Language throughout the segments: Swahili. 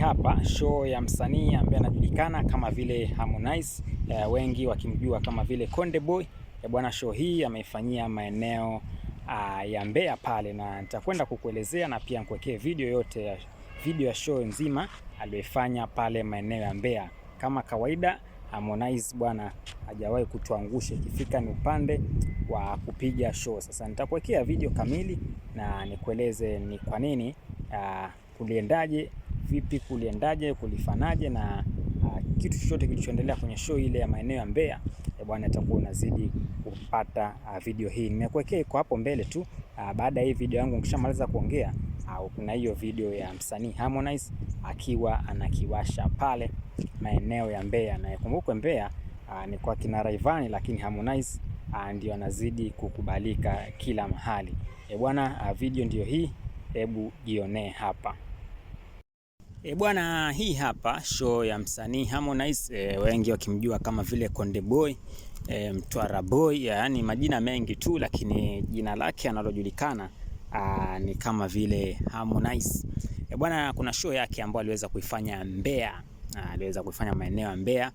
hapa show ya msanii ambaye anajulikana kama vile Harmonize, eh, wengi wakimjua kama vile Konde Boy. Eh, bwana, show hii ameifanyia maeneo ah, ya Mbeya pale, na nitakwenda kukuelezea na pia nikuwekee video yote ya video ya show nzima aliyoifanya pale maeneo ya Mbeya. Kama kawaida, Harmonize bwana hajawahi kutuangusha ikifika ni upande wa kupiga show. Sasa nitakuwekea video kamili na nikueleze ni kwa nini, kuliendaje ah, vipi, kuliendaje, kulifanaje na uh, kitu chochote kilichoendelea kwenye show ile ya maeneo ya Mbeya eh, bwana, itakuwa unazidi kupata uh, video hii. Nimekuwekea iko hapo mbele tu uh, baada ya hii video yangu nikishamaliza kuongea uh, kuna hiyo video ya msanii Harmonize akiwa anakiwasha pale maeneo ya Mbeya, na ikumbukwe Mbeya uh, ni kwa kina Raivani, lakini Harmonize uh, ndio anazidi kukubalika kila mahali. E bwana, uh, video ndio hii, hebu jionee hapa. E, bwana, hii hapa show ya msanii Harmonize e, wengi wakimjua kama vile Konde Boy e, Mtwara Boy, yaani majina mengi tu, lakini jina lake analojulikana ah, ni kama vile Harmonize. E, bwana, kuna show yake ambayo aliweza kuifanya Mbeya, ah, aliweza kuifanya maeneo ya Mbeya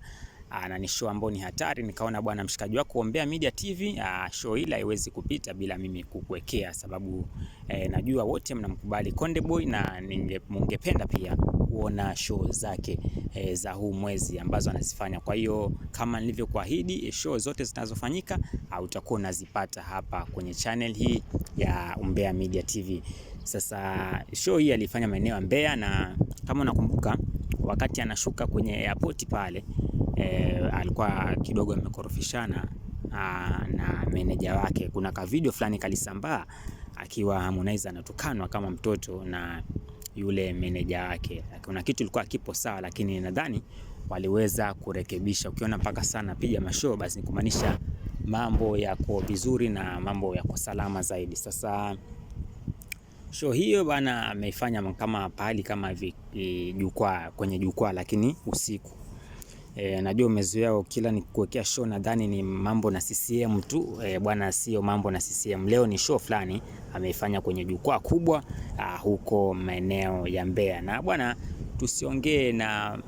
na ni show ambayo ni hatari. Nikaona bwana, mshikaji wako Ombea Media TV, ah, show hili haiwezi kupita bila mimi kukuwekea sababu eh, najua wote mnamkubali Konde Boy na ningependa pia kuona show zake e, za huu mwezi ambazo anazifanya. Kwa hiyo kama nilivyokuahidi, show zote zinazofanyika ah, utakuwa unazipata hapa kwenye channel hii ya Umbea Media TV. Sasa show hii alifanya maeneo ya Mbeya, na kama unakumbuka wakati anashuka kwenye airport pale e, alikuwa kidogo amekorofishana ah, na meneja wake. Kuna ka video fulani kalisambaa akiwa Harmonize anatukanwa kama mtoto na yule meneja wake. Kuna kitu ilikuwa kipo sawa, lakini nadhani waliweza kurekebisha. Ukiona mpaka sana piga mashoo, basi kumaanisha mambo yako vizuri na mambo yako salama zaidi. Sasa show hiyo bana ameifanya kama pahali kama eh, jukwaa, kwenye jukwaa, lakini usiku. E, najua umezoea kila nikuwekea show nadhani ni mambo na CCM tu. E, bwana sio mambo na CCM. Leo ni show fulani ameifanya kwenye jukwaa kubwa a, ah, huko maeneo ya Mbeya. Na bwana tusiongee na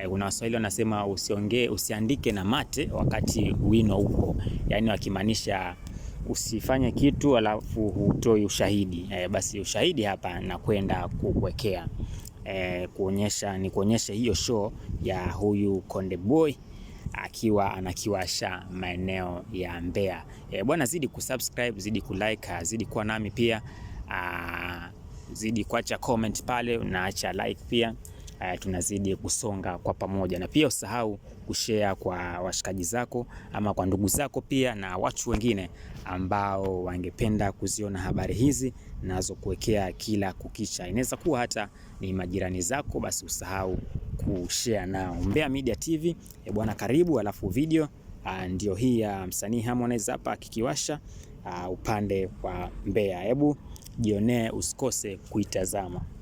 eh, kuna Waswahili wanasema usiongee, usiandike na mate wakati wino upo, yaani wakimaanisha usifanye kitu alafu hutoi ushahidi. E, basi ushahidi hapa nakwenda kukuwekea eh, kuonyesha ni kuonyesha hiyo show ya huyu Konde Boy akiwa anakiwasha maeneo ya Mbeya. Eh, bwana zidi kusubscribe, zidi kulike, zidi kuwa nami pia. Aa, ah, zidi kuacha comment pale na acha like pia uh, eh, tunazidi kusonga kwa pamoja, na pia usahau kushare kwa washikaji zako ama kwa ndugu zako pia na watu wengine ambao wangependa kuziona habari hizi nazokuwekea kuwekea kila kukicha. Inaweza kuwa hata ni majirani zako, basi usahau kushare nao. Umbea Media TV eh, bwana, karibu. Alafu video uh, ndio hii ya msanii Harmonize hapa akikiwasha uh, upande wa Mbeya. Hebu jionee, usikose kuitazama.